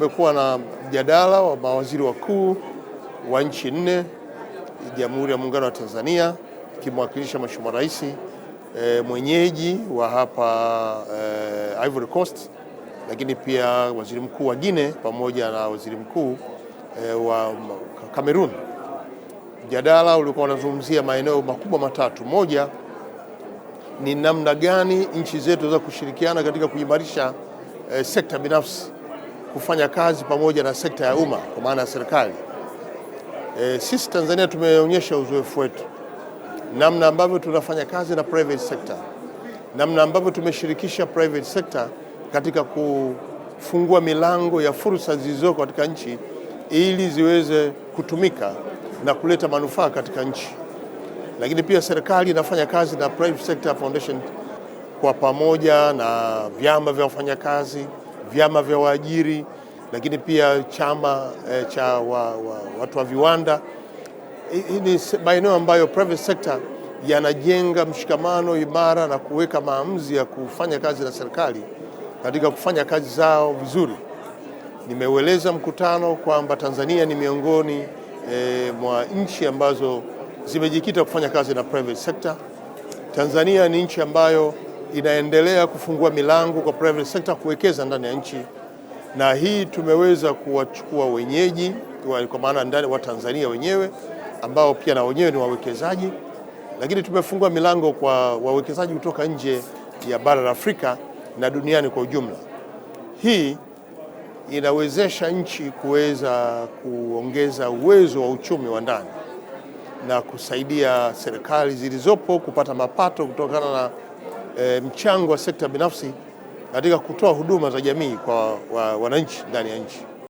mekuwa na mjadala wa mawaziri wakuu wa nchi nne Jamhuri ya Muungano wa Tanzania, ikimwakilisha Mheshimiwa Rais e, mwenyeji wa hapa e, Ivory Coast, lakini pia waziri mkuu wa Guinea pamoja na waziri mkuu e, wa Cameroon. Mjadala ulikuwa unazungumzia maeneo makubwa matatu. Moja ni namna gani nchi zetu za kushirikiana katika kuimarisha e, sekta binafsi kufanya kazi pamoja na sekta ya umma kwa maana ya serikali. E, sisi Tanzania tumeonyesha uzoefu wetu namna ambavyo tunafanya kazi na private sector, namna ambavyo tumeshirikisha private sector katika kufungua milango ya fursa zilizoko katika nchi ili ziweze kutumika na kuleta manufaa katika nchi. Lakini pia serikali inafanya kazi na private sector foundation kwa pamoja na vyama vya wafanyakazi vyama vya waajiri, lakini pia chama eh, cha wa, wa, watu wa viwanda. Hii ni maeneo ambayo private sector yanajenga mshikamano imara na kuweka maamuzi ya kufanya kazi na serikali katika kufanya kazi zao vizuri. Nimeueleza mkutano kwamba Tanzania ni miongoni e, mwa nchi ambazo zimejikita kufanya kazi na private sector. Tanzania ni nchi ambayo inaendelea kufungua milango kwa private sector kuwekeza ndani ya nchi, na hii tumeweza kuwachukua wenyeji kwa maana ndani wa Tanzania wenyewe ambao pia na wenyewe ni wawekezaji, lakini tumefungua milango kwa wawekezaji kutoka nje ya bara la Afrika na duniani kwa ujumla. Hii inawezesha nchi kuweza kuongeza uwezo wa uchumi wa ndani na kusaidia serikali zilizopo kupata mapato kutokana na e, mchango wa sekta binafsi katika kutoa huduma za jamii kwa wananchi wa, ndani ya nchi.